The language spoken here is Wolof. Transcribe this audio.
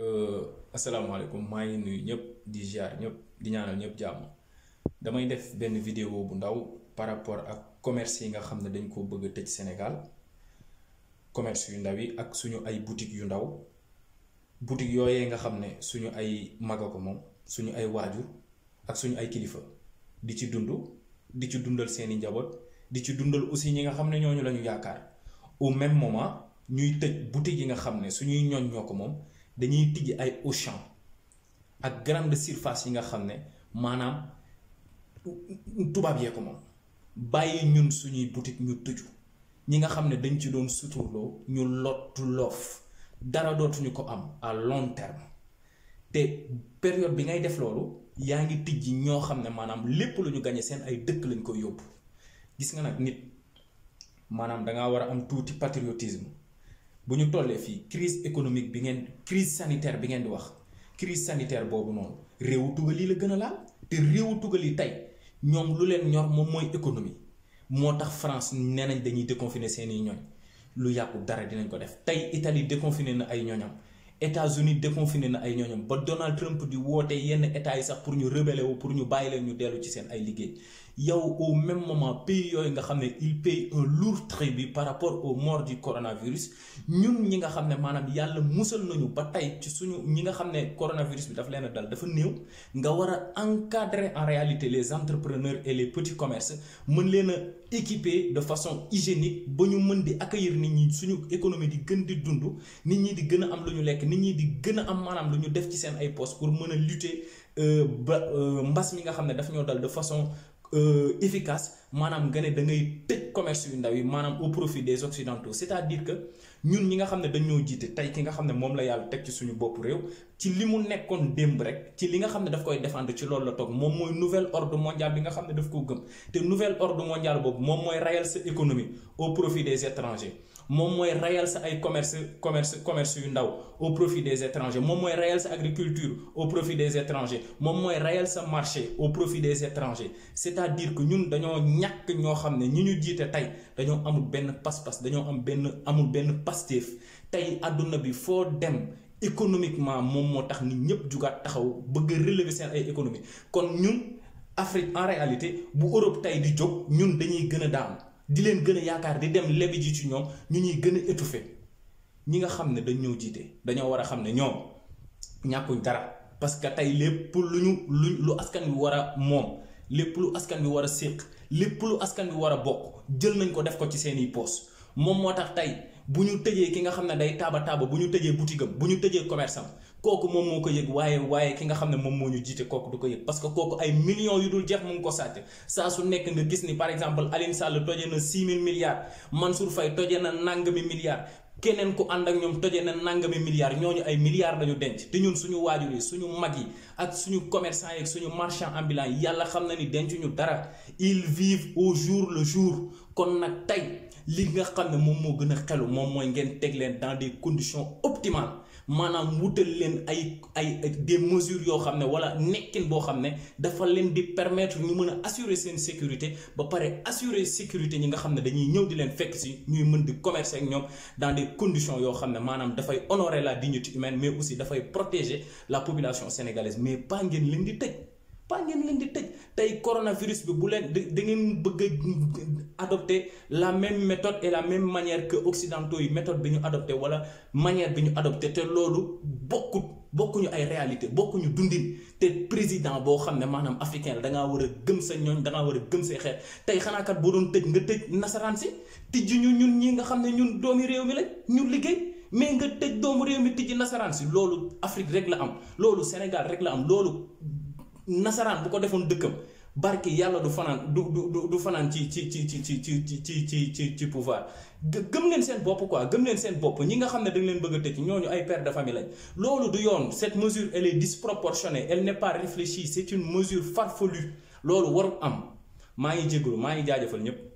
Euh, asalaamaaleykum maa ngi nuyu ñëpp di ziar ñëpp di ñaanal ñëpp jàmm damay def benn vidéo bu ndaw par rapport ak commerce yi nga xam ne dañ ko bëgg tëj Sénégal commerce yu ndaw yi ak suñu ay boutique yu ndaw boutique yooyee nga xam ne suñu ay mag a ko moom suñu ay waajur ak suñu ay kilifa di ci dund di ci dundal seeni njaboot di ci dundal aussi ñi nga xam ne ñooñu la ñu yaakaar au même moment ñuy tëj boutique yi nga xam ne suñuy ñoñ ñoo ko moom. dañuy tijji ay Auchan ak grande surface yi nga xam ne maanaam tubaab yee ko moom bàyyi ñun suñuy boutique ñu tëju ñi nga xam ne dañ ci doon suturloo ñu lottu loof dara dootuñu ko am à long terme te période bi ngay def loolu yaa ngi tijji ñoo xam ne maanaam lépp lu ñu gañe seen ay dëkk lañ koy yóbbu gis nga nag nit maanaam danga war a am tuuti patriotisme bu ñu tollee fii crise économique bi ngeen crise sanitaire bi ngeen di wax crise sanitaire boobu noonu réewu tugal yi la gën a laal te réewu tugal yi tey ñoom lu leen ñor moom mooy économie moo tax France nee nañ dañuy déconfiner seeni ñoñ lu yàqu dara dinañ ko def tey Italie déconfiné na ay ñoñam États-Unis déconfiné na ay ñooñam ba Donald Trump di woote yenn états yi sax pour ñu rebeller wu pour ñu bàyyi leen ñu dellu ci seen ay liggéey yow au même moment pays yooyu nga xam ne il paye un lourd tribut par rapport au morts di coronavirus ñun ñi nga xam ne maanaam yàlla musal nañu ba tey ci suñu ñi nga xam ne coronavirus bi dafa leen dal dafa néew nga war a encadrer en réalité les entrepreneurs et les petits commerce mën leen a équiper de façon hygiénique ba ñu mën di accueillir nit ñi suñu économie di gën di dund nit ñi di gën a am lu ñu lekk. nit ñi di gën a am maanaam lu ñu def ci seen ay postes pour mën a lutter euh, ba euh, mbas mi nga xam ne daf ñoo dal de façon euh, efficace. maanaam nga ne da ngay tëj commerce yu ndaw yi maanaam au profit des occidentaux c'est-à-dire que ñun ñi xam ne dañoo jiite tey ki nga xam ne moom la yàlla teg ci suñu bopp réew rek ci li nga xam ne daf koy défendre ci loolu la toog moom mooy nouvel ordre mondial bi nga xam ne daf ko gëm te nouvel ordre mondial boobu moom mooy rayal sa économie au profit moom mooy rayal sa ay commerce commerce commerce yu ndaw au profit des étrangers moom mooy rayal sa au profit des étrangers moom mooy rayal sa marché au profit des étrangers ñun ñàkk ñoo xam ne ñi ñu jiite tey dañoo amul benn pas-pas dañoo am benn amul benn pastéef tey àdduna bi foo dem économiquement moom moo tax nit ñëpp jugaat taxaw bëgg a relever seen ay économie kon ñun Afrique en réalité bu Europe tey di jóg ñun dañuy gën a daanu di leen gën a yaakaar di dem lebi ji ci ñoom ñu ñuy gën a étouffé ñi nga xam ne dañ ñoo jiite dañoo war a xam ne ñoom ñàkkuñ dara parce que tey lépp lu ñu lu lu askan wi war a moom lépp lu askan wi war a séq lépp lu askan bi war a bokk jël nañ ko def ko ci seeni poos moom moo tax tey bu ñu tëjee ki nga xam ne day taaba taaba bu ñu tëjee boutique bu ñu tëjee commerce kooku moom moo ko yëg waaye waaye ki nga xam ne moom moo ñu jiite kooku du ko yëg parce que kooku ay millions yu dul jeex mu ngi ko sàcc saa su nekk nga gis ni par exemple Aline Sall tojee na 6 000 man su fay tojee na nangami milliards keneen ku ànd ak ñoom tojee na nangami milliards ñooñu ay milliards lañu denc te ñun suñu waajur yi suñu mag yi ak suñu commerçant yi ak suñu marchand ambulant yàlla xam na ni dencuñu dara ils vivent au jour le jour kon nag tey li nga xam ne moom moo gën a xelu moom mooy ngeen teg leen dans des conditions optimales maanaam wutal leen ay ay des mesures yoo xam ne wala nekkin boo xam ne dafa leen di permettre ñu mën a assurer seen sécurité ba pare assurer sécurité ñi nga xam ne dañuy ñëw di leen fekk si ñuy mën di commercer ak ñoom dans des condition yoo xam ne maanaam dafay honorer la dignité humaine mais aussi dafay protéger la population sénégalaise mais pas ngeen leen di teg pas ngeen leen di tëj tey coronavirus bi bu leen da ngeen bëgg a adopté la même méthode et la même manière que occidentaux yi méthode bi ñu adopté wala manière bi ñu adopté te loolu bokkut bokkuñu ay réalité bokkuñu dundin te président boo xam ne maanaam africain la da ngaa war a gëm sa ñooñ da war a gëm say xeet tey xanaa kat boo doon tëj nga tëj nasaraan si tijji ñu ñun ñi nga xam ne ñun doomi réew mi lañ ñu liggéey. mais nga tëj doomu réew mi tijji nasaraan si loolu Afrique rek la am loolu Sénégal rek la am loolu nasaraan bu ko defoon dëkkam barki yàlla du fanaan du du du fanaan ci ci ci ci ci ci ci ci ci ci ci pouvoir gëm leen seen bopp ko gëm leen seen bopp ñi nga xam ne dañ leen bëgg a tëj ñooñu ay père de famille lañ loolu du yoon cette mesure elle est disproportionnée elle n'est pas réfléchie c'est une mesure farfelue loolu warul am maa ngi jégalu maa ngi jaajëfal ñëpp.